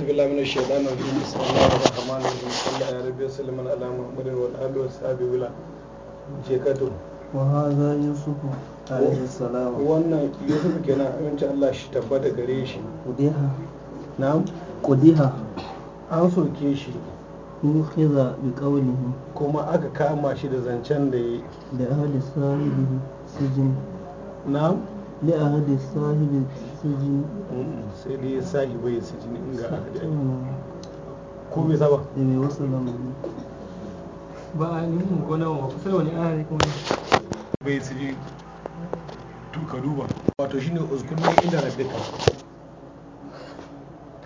أعوذ بالله من الشيطان الرجيم بسم الله الرحمن الرحيم صلى الله عليه وسلم على محمد وعلى آله وصحبه ولا جكته وهذا يوسف عليه السلام وانا يوسف كنا من الله شتبت قريش قديها نعم قديها an soke shi ukhiza bi qawlihi kuma aka kama shi da zancen da yi da ahli sahibi sijin na'am li a hadi sahibi sijin sai dai sahibi ya sijin in ga hadi ko bai saba eh mai wasu lamarin ba ni mun gona wa kusa wani ana ne kuma bai sijin to ka duba wato shine uskunan inda rabbika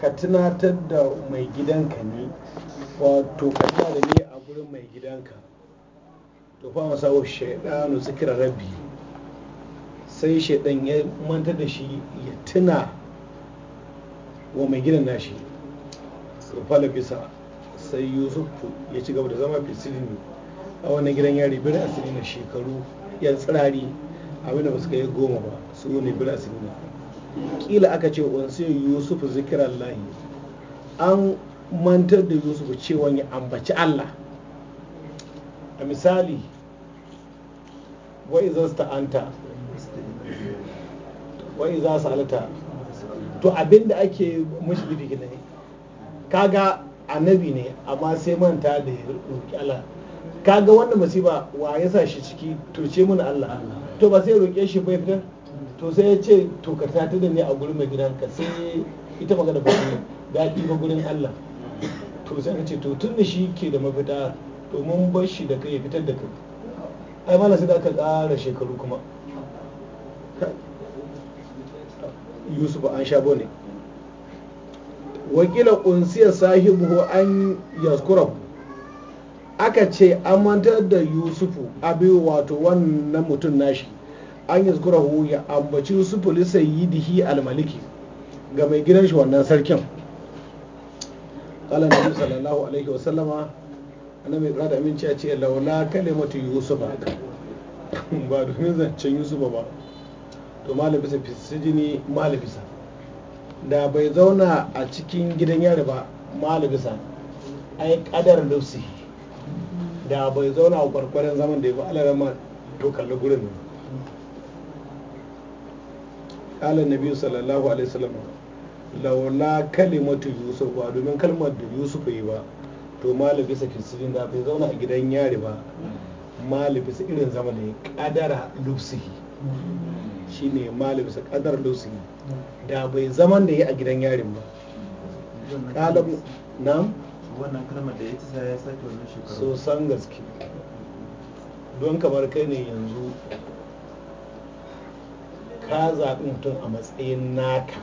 ka tunatar da mai gidanka ne wato ka tunatar da ne a gurin mai gidanka to fa masa wa shaidanu zikira rabbi sai shaidan ya manta da shi ya tuna wa mai gidan nashi fala bisa sai yusuf ya ci gaba da zama fisilin a wannan gidan yari biyar asiri na shekaru ya tsirari abinda ba su kai goma ba su ne bir asiri na kila aka ce wansu yusuf zikiran lahi an mantar da yusuf cewa ya ambaci allah a misali wa izasta anta wa iza salata to abinda ake gina ne kaga annabi ne amma sai manta da ya roki Allah kaga wannan masiba wa ya sa shi ciki to ce mun Allah to ba sai roƙe shi bai fitar to sai ya ce to ka tata da ne a gurin mai gidanka sai ita magana ba ne da ki ba gurin Allah to sai ka ce to tun da shi ke da mafita to mun bar shi da kai ya fitar da kai ai mala sai da aka ƙara shekaru kuma yusuf an shabo ne wakila kunsiya sahibu an yaskura aka ce mantar da yusufu abi wato wannan mutum nashi an yaskura ya ambaci yusufu lisayidihi almaliki ga mai gidan shi wannan sarkin kala nabi sallallahu alaihi wasallama annabi ya da aminci ya ce laula kalimatu yusufa ba domin zancen yusufa ba to malam bisa fi jini malam sa da bai zauna a cikin gidan yari ba malam a ai kadar lusi da bai zauna a kwarkwarin zaman da ya ba alarama to kalli gurin ne kala nabi sallallahu alaihi wasallam laula kalimatu yusuf ba domin kalmar da yusuf yi ba to malam bisa fi da bai zauna a gidan yari ba malam irin zaman da ya kadara lusi shine malam su kadar yi da bai zaman da ya a gidan yarin ba kalabu nam wannan kalmar da ya ci ya sake wannan shekaru sosan gaske don kamar kai ne yanzu ka zaɓi mutum a matsayin naka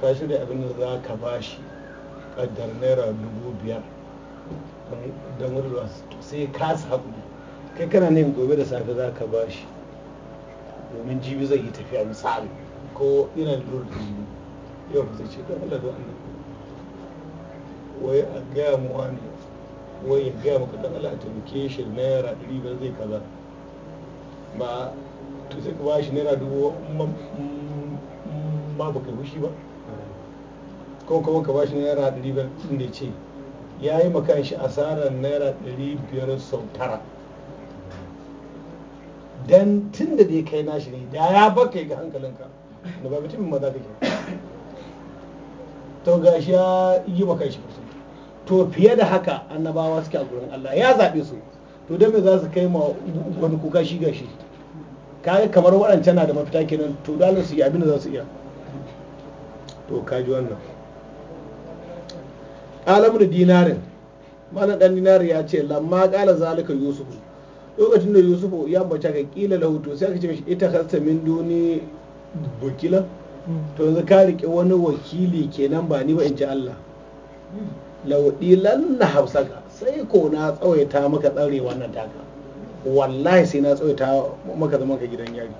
ka shirya abin da za ka ba shi naira dubu biyar don sai ka saɓi kai kana ne gobe da safe za ka ba shi domin jibi zai yi tafiya misali ko ina lura da jibi yau ba zai ce don Allah don Allah wai a gaya mu wani wai ya gaya maka don Allah a taimake shi naira ɗari ba zai kaza ba to sai ka ba shi naira dubu ba ba kai fushi ba ko kuma ka ba shi naira ɗari ba inda ce ya yi maka shi asarar naira ɗari biyar sau tara dan tun da dai kai nashi ne da ya baka ga hankalinka da ba mutumin maza kake to gashi ya yi kai shi to fiye da haka annabawa suke a gurin Allah ya zabe su to dan me za su kai ma wani kuka shi gashi kai kamar waɗancan na da mafita kenan to dole su yi abin da za su iya to kaji wannan alamun dinarin malam dan dinari ya ce lamma qala zalika yusufu lokacin da yusuf ya bata ka kila lahutu sai aka ce mashi ita kasta min duni wakila to yanzu ka riƙe wani wakili kenan ba ni ba in ji Allah lawadilan na hafsaka sai ko na tsawaita maka tsare wannan taka wallahi sai na tsawaita maka zaman ka gidan yari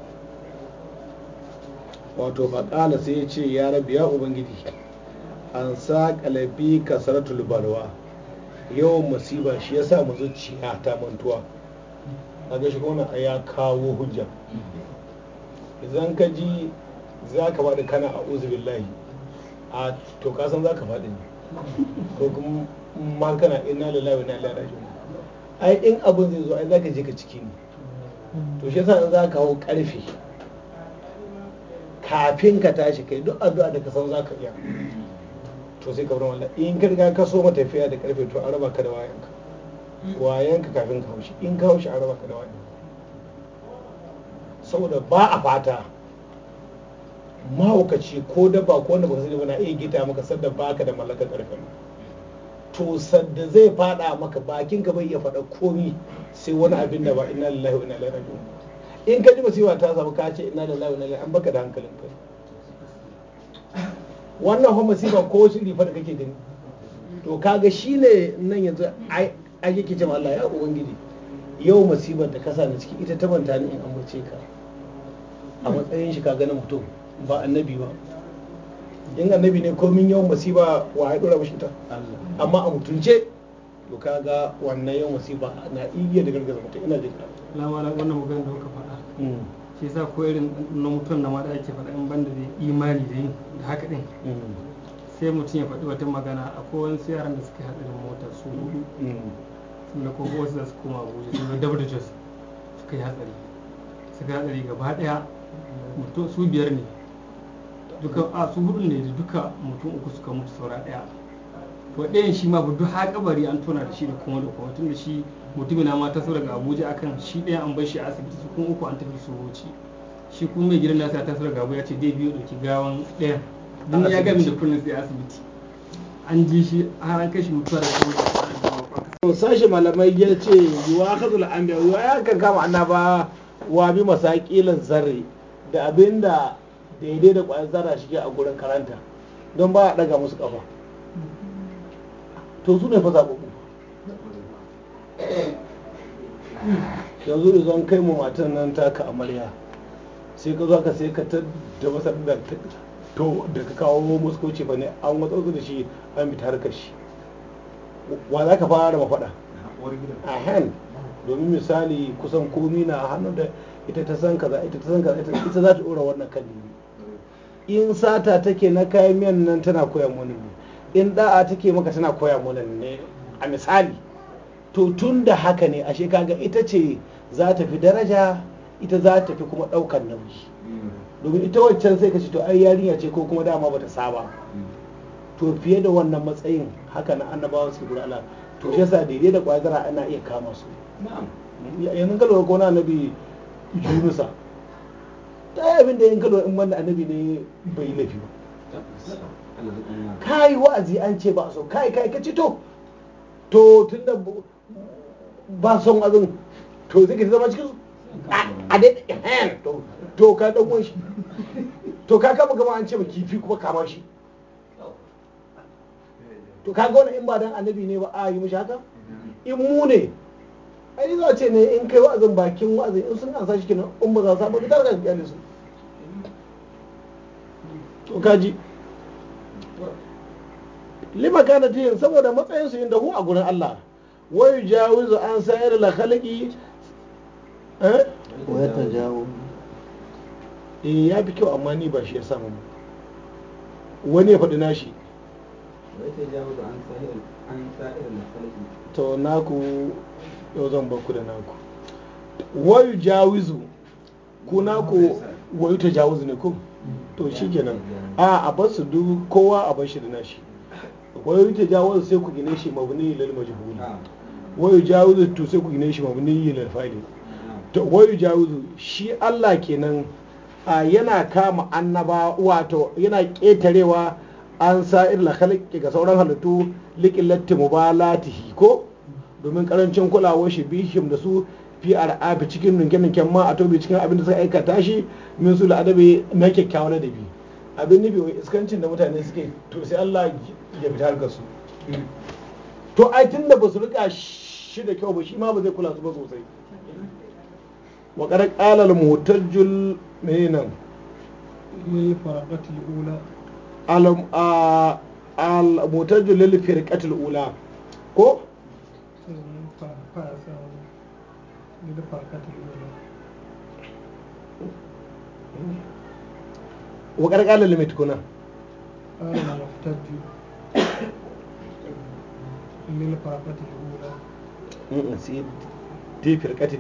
wato faƙala sai ya ce ya rabi ya ubangiji an sa kalabi kasaratul balwa yawan masiba shi ya sa mu zuciya ta mantuwa kaga shi wannan ya kawo hujja idan ka ji za ka faɗi kana a billahi a to ka san za ka faɗi ne ko kuma ma kana ina lillahi wa inna ai in abin zai zo ai za ka je ka ciki ne to shi yasa za ka hau karfe kafin ka tashi kai duk addu'a da ka san za ka iya to sai ka bar wallahi in ka riga ka so matafiya da karfe to a raba ka da wayanka wayan ka kafin ka haushi in ka haushi a raba ka da wayan saboda ba a fata mahaukaci ko dabba ko wanda ba sani ba na iya gita maka sadda ka da mallakar karfin to sadda zai fada maka bakin ka bai iya faɗa komi sai wani abin da ba inna lillahi wa inna ilaihi raji'un in ka ji musiba ta samu ka ce inna lillahi wa inna ilaihi an baka da hankalin kai wannan fa musiba ko shiri fa fada kake gani to kaga shine nan yanzu Ake ke ce Allah ya ubangiji yau masibar da kasa na ciki ita ta manta ni in ambace ka a matsayin shi ka ganin mutum ba annabi ba in annabi ne komin yau masiba wa ya dora mashi ta amma a mutunce to kaga wannan yau masiba na iya da gargaza mutum ina jin lawala wannan maganar da kuka faɗa mm. shi yasa ko irin na mutum na ma da ake faɗa in banda da imani da yin da haka din mm. sai mutum ya faɗi wata magana a wani yaran da suka haɗu da mota su hudu sun da kogo wasu za su koma abuja sun da dabda jos suka yi hatsari suka yi hatsari gaba ɗaya mutum su biyar ne duka a su hudu ne da duka mutum uku suka mutu saura ɗaya to ɗayan shi ma budu haƙabari kabari an tona da shi da kuma da kuma tun da shi mutumin na mata so daga abuja akan shi ɗaya an bar shi a asibiti su kuma uku an tafi su wuce shi kuma mai gidan nasa ta sauraga daga abuja ce dai biyu ɗauki gawan ɗayan don ya gami da kullum sai asibiti an ji shi har an kashi mutuwa da kuma sashi malamai ya ce yiwuwa hazul anbiya yiwuwa ya kan annaba wa bi masakilan zarre da abinda daidai da kwayar zarra shige a gurin karanta don ba a daga musu kafa to su ne fa zaɓuɓɓu yanzu da zon kai mu matan nan taka amarya sai ka zo ka sai ka ta da masar da ta to da ka kawo muskoci ba ne an watsatsu da shi an bi harkar shi wa za ka fara mafaɗa a hen domin misali kusan komi na hannu da ita ta san kaza ita ta san kaza ita za ta ɗora wannan kan in sata take na kayan miyan nan tana koya mana ne in da'a take maka tana koya mana ne a misali to tun da haka ne a shekaga ita ce za ta fi daraja ita za ta fi kuma ɗaukar nauyi hmm. domin ita wancan sai ka ce to ai yarinya ce ko kuma dama bata saba to fiye da wannan matsayin haka na annabawan su gura Allah to shi yasa daidai da kwazara ana iya kama su yanzu ka lura ko na annabi Yunusa ta yi abin da yin kalo in wanda annabi ne bai laifi ba kai wa'azi an ce ba so kai kai ka ce to to tunda ba son azin to zai zama cikin a dai hen eh, to ka dan shi to ka kama gama an ce ba kifi kuma kama shi to ka gona in ba dan annabi ne ba a yi mishi haka in mu ne ai za ce ne in kai wa'azin bakin wa'azin in sun ansa shi kenan in ba za su ba ka tarka ka su to ji lima kana tiyin saboda su yin dahu a gurin Allah wai jawizu an sayar da khalqi eh ta jawo eh ya fi kyau amma ni ba shi ya samu wani ya faɗi nashi to naku yau zan baku da naku wayu jawizu ku naku wayu ta jawizu ne ku to shi kenan a a bar su kowa a bar shi da nashi wayu ta jawizu sai ku gine shi mabni lil majhuli ah. wayu jawizu to sai ku gine shi mabni lil fa'ili wayu jawuzu shi Allah kenan yana kama annaba wato yana ƙetarewa an sa irla khalqi ga sauran halittu liqillati mubalatihi ko domin karancin kulawa shi bihim da su fi ar'abi cikin ninke-ninken ma a tobe cikin abin da suka aikata shi min su la'adabi na na dabi abin nufi wai iskancin da mutane suke to sai Allah ya fita harkar su to ai tunda ba su rika shi da kyau ba shi ma ba zai kula su ba sosai wa qad qala al muhtajjul minan lil farqati al ula al muhtajjul lil firqati al ula ko wa qad dai firkati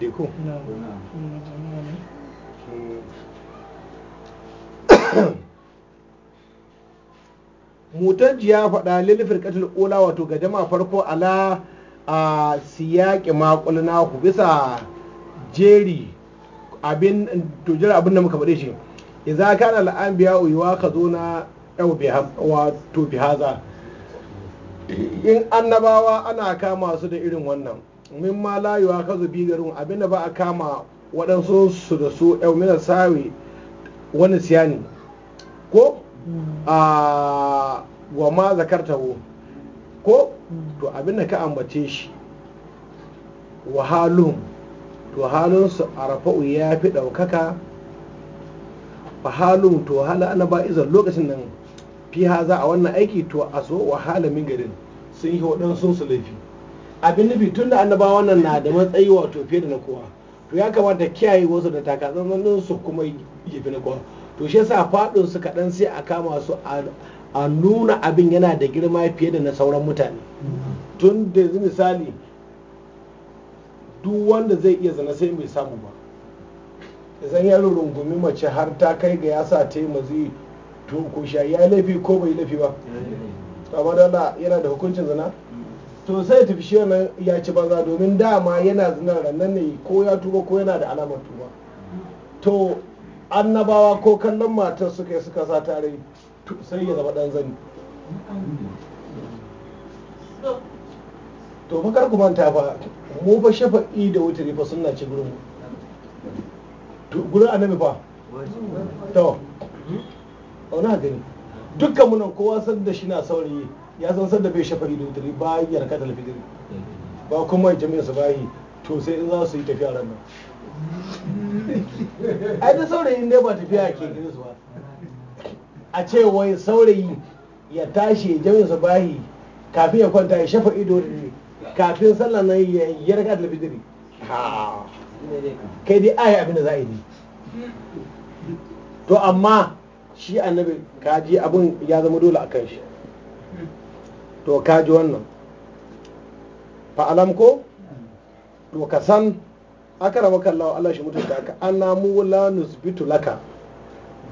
ya faɗa lili firƙatun ula wato ga jama farko ala a siyaƙi maqulna ku bisa jeri abin tujira abin da muka faɗe shi idza kana biya anbiya yuwa ka zo na wa wato bihaza in annabawa ana kama su da irin wannan min ma layuwa ka zubi garin abinda ba a kama waɗansu su da su elmina eh, sawi wani siyani ko mm. a wa ma taho ko to abinda ka ambace shi wahalun to su a rafa'u ya fi ɗaukaka wahalun to hala ana ba izar lokacin nan fi haza a wannan aiki to a so wahala min garin sun yi waɗansu su laifi abin nufi tunda annabawan nan na da matsayi wato fiye da na kowa to ya kamata kiyaye wasu da takatsantsan su kuma yi fi na kowa to shi yasa faɗin su kaɗan sai a kama su a nuna abin yana da girma fiye da na sauran mutane tun da yanzu misali duk wanda zai iya zana sai mai samu ba zan ya rungumi mace har ta kai ga ya sa ta yi mazi to ko ya laifi ko bai laifi ba amma da yana da hukuncin zana to sai tafi shi wannan ya ci banza domin dama yana zinar rannan ne ko ya tuba ko yana da alamar tuba to annabawa ko kallon matar suka yi suka sa tare sai ya zama dan zani to fa kar ku manta ba, mu fa shafa'i da ne fa sunna ci gurin to gurin annabi fa to ona gani dukkan munan kowa san da shi na saurayi ya san sanda bai shafari da wutari ba ya raka da lafidiri ba kuma jami'a ba yi to sai in za su yi tafiya ran nan ai da saurayi ne ba tafiya ke gina su ba a ce wai saurayi ya tashi jami'a su yi kafin ya kwanta ya shafa ido da ne kafin sallah nan ya yi raka da lafidiri kai dai ayi abin da za a yi ne to amma shi annabi kaji abin ya zama dole a kan shi to ka ji wannan fa'alam ko to ka san aka rama kallawa Allah shi mutunta ka anna mu la nusbitu laka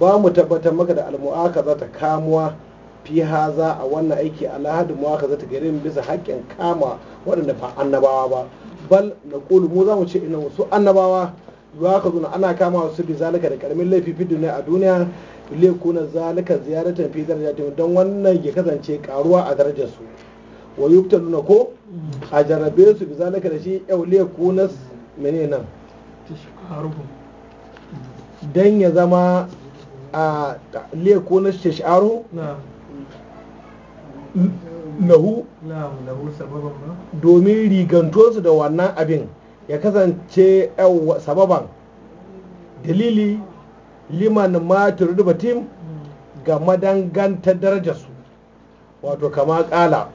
ba mu tabbatar maka da almu'aka za ta kamuwa fi haza a wannan aiki alhadu mu'aka za ta gare mu bisa haƙƙin kama waɗanda ba annabawa ba bal na ƙulu mu za mu ce ina wasu annabawa yuwa ka zuna ana kama wasu bi zalika da ƙaramin laifi fi duniya a duniya le kuna zalika ziyaratan fi darajatin don wannan ya kasance karuwa a darajar su wa na ko a jarabe su bi zalika da shi yau le kuna mene nan dan ya zama a le kuna na hu domin rigantonsu da wannan abin ya kasance sababan dalili liman ma batim ga madanganta darajarsu wato kama kala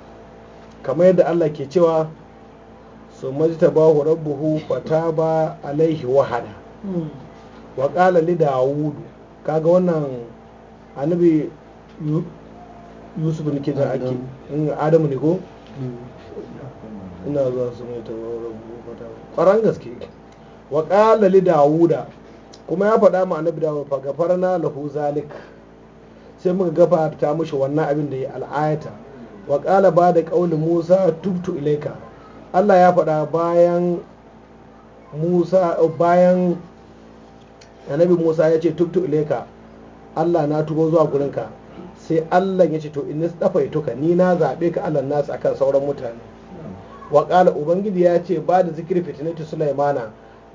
Kama yadda Allah ke cewa su majita bahu rabbuhu fata ba alaihi wahada wa kala li dawudu kaga wannan annabi yusuf ne ke in adamu ne ko mm. ina zuwa su mai ba. kwaran gaske wa kala li dawuda kuma ya faɗa ma annabi dawo fa gafarna lahu zalik sai muka gafarta mishi wannan abin da ya al'ayata wa qala ba da qauli Musa tubtu ilaika Allah ya faɗa bayan Musa bayan annabi Musa ya ce tubtu ilaika Allah na tubo zuwa gurinka sai Allah ya ce to in dafa ni na zabe ka Allah nasu akan sauran mutane wa ubangiji ya ce ba da zikir fitinatu sulaimana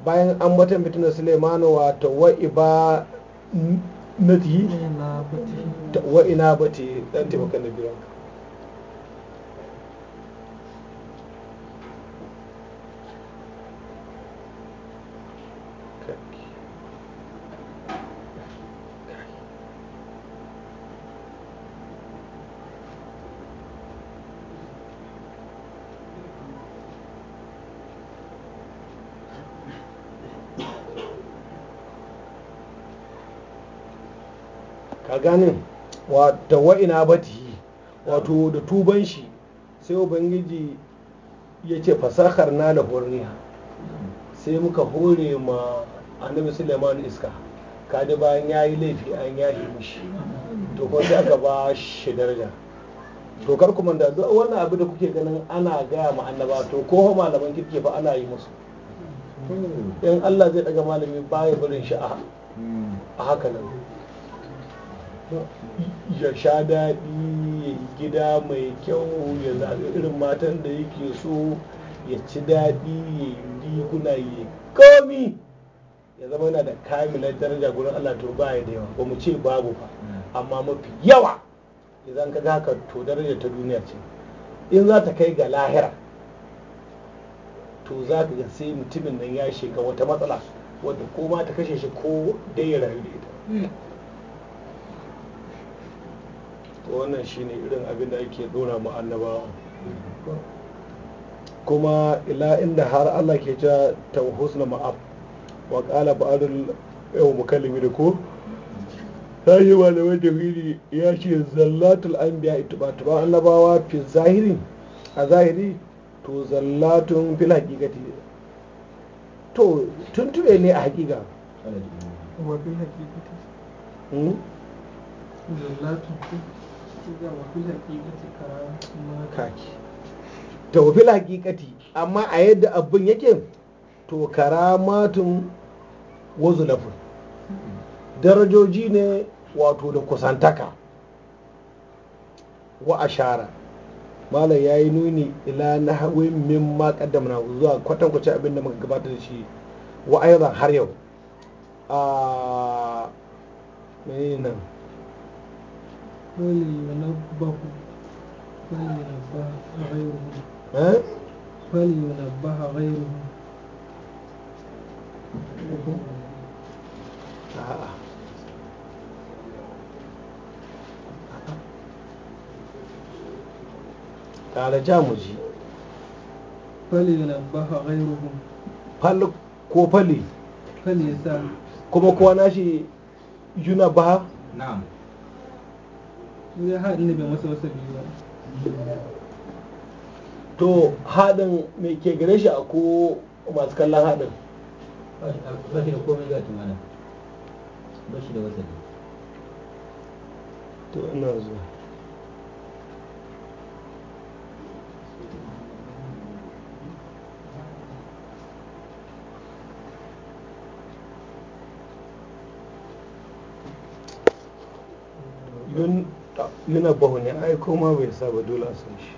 bayan an batan fitinar ta wato wa'iba natihi wa ina bati dan taimakon da biyanka a ganin wata wa'ina batihi wato da tuban shi sai ubangiji ya ce fasahar na da horniya sai muka hore ma annabi suleiman iska kada bayan ya yi laifi an yi mishi to ko sai aka ba shi daraja to kar kuma da wannan abu da kuke ganin ana gaya ma annaba to ko malaman kirki fa ana yi musu hmm. in Allah zai daga malami baya barin shi a haka nan ya sha daɗi ya yi gida mai kyau ya zaɓi irin matan da yake so ya ci daɗi ya yi riguna ya komi ya zama yana da kamilar daraja gudun Allah to ba ya da yawa ba mu ce babu ba amma mafi yawa idan ka haka to daraja ta duniya ce in za ta kai ga lahira to za ka ga sai mutumin nan ya shiga wata matsala wadda ko ma ta kashe shi ko dai ya rayu ita hmm. wannan shine irin abin da ake dora mu annabawa kuma ila inda har Allah ke ja tawhusna ma'ab wa qala ba'dul yau mukallimi da ko da wajen tauhidi ya ce zallatul anbiya itibatuba annabawa fi zahiri a zahiri to zallatun fil hakikati to tuntube ne a hakika wa fil hakikati hmm? zallatun ta wafi hakikati amma a yadda abin yake to karamatun wazu lafin darajoji ne wato da kusantaka wa ashara malam ya yi nuni ila na hawi min ma na zuwa kwatankwacin abin da muka gabata da shi wa ayyuzan har yau a ah, nan فلينبه غيره أه؟ فلينبه ji فلينبه غيره fal ko fali fali yasa kuma kowa nashi yuna ya haɗin da bai masa wasa biyu to haɗin mai ke gare shi a ko masu kallon haɗin ba shi da komai ga tumana. ba shi da wasa to ina zuwa yana bahu ne ai koma bai sa ba dole a san shi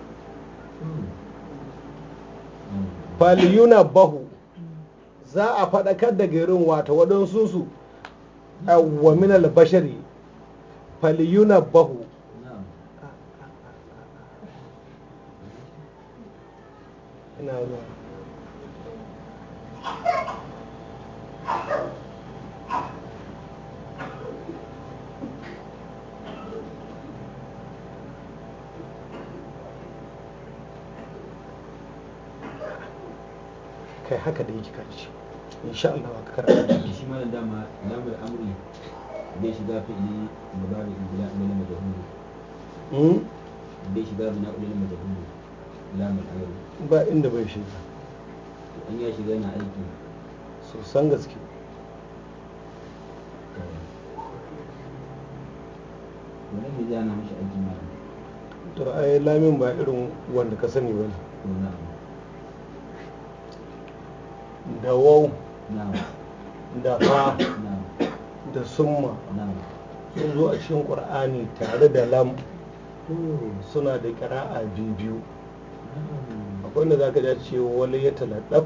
bal yuna bahu za a faɗakar da garin wata waɗansu su wa min al bashari yuna bahu kai haka da yake kaci insha Allah ka karanta shi malam dama lamar amri bai shiga fi'li fi'ili mudari ila amri majhul hmm bai shiga na ulil majhul lamar amri ba inda bai shiga in ya shiga yana aiki sosan gaske wani ne zai ana mashi aiki malam to ai lamin ba irin wanda ka sani ba ne da wau da ba da summa sun zo a cikin ƙur'ani tare da lam hmm. suna da ƙira'a biyu akwai wanda za ka ja ce wani ya talaɗaf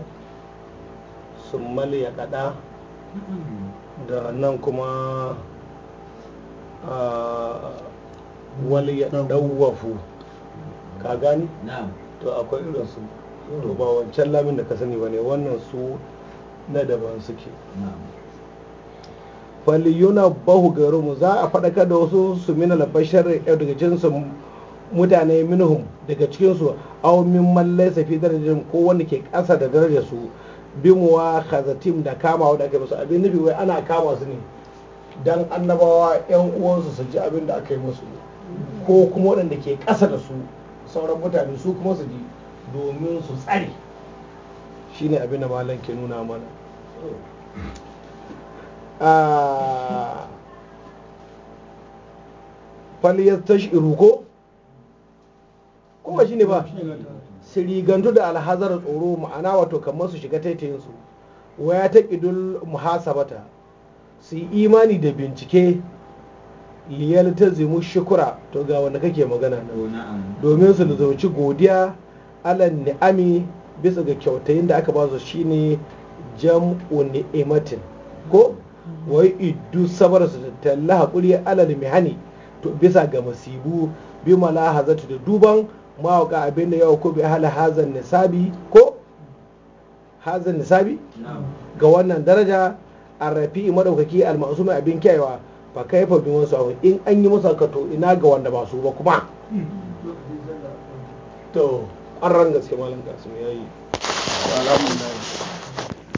sun mali ya kaɗa hmm. da nan kuma wali ya ɗauwafu ka gani? to akwai irinsu to ba wancan lamin da ka sani ba ne wannan su na daban suke faliyuna bahu garinmu za a faɗakar da wasu su mina labashar yau eh, daga jinsin mutane minuhun daga cikinsu aumin mallai safi darajar ko wanda ke ƙasa da darajar su bimuwa kazatim da kama wa aka musu abin nufi wai ana kama su ne don annabawa yan uwansu su ji abin da aka yi musu ko kuma waɗanda ke ƙasa da su sauran mutane su kuma su ji domin su tsare shi ne abin da malam ke nuna mana a ah, faliyar ko kuma shi ne ba su da alhazar tsoro ma'ana wato kamar su shiga taitayinsu waya ta ƙidul muhasabata su yi imani da bincike liyar ta zimu shukura to ga wanda kake magana domin su zauci godiya alan ni'ami bisa ga kyautayin da aka ba su shine jam'u ni'imatin ko wai iddu sabar su talla hakuri alal mihani to bisa ga masibu bi malahazatu da duban mawaka abin da yau ko bi hala hazan nisabi ko hazan nisabi ga wannan daraja arrafi madaukaki almasumi abin kyawa fa yi bi wasu in an yi masu to ina ga wanda ba su ba kuma hmm. to an ran gaske malam kasim yayi alhamdulillah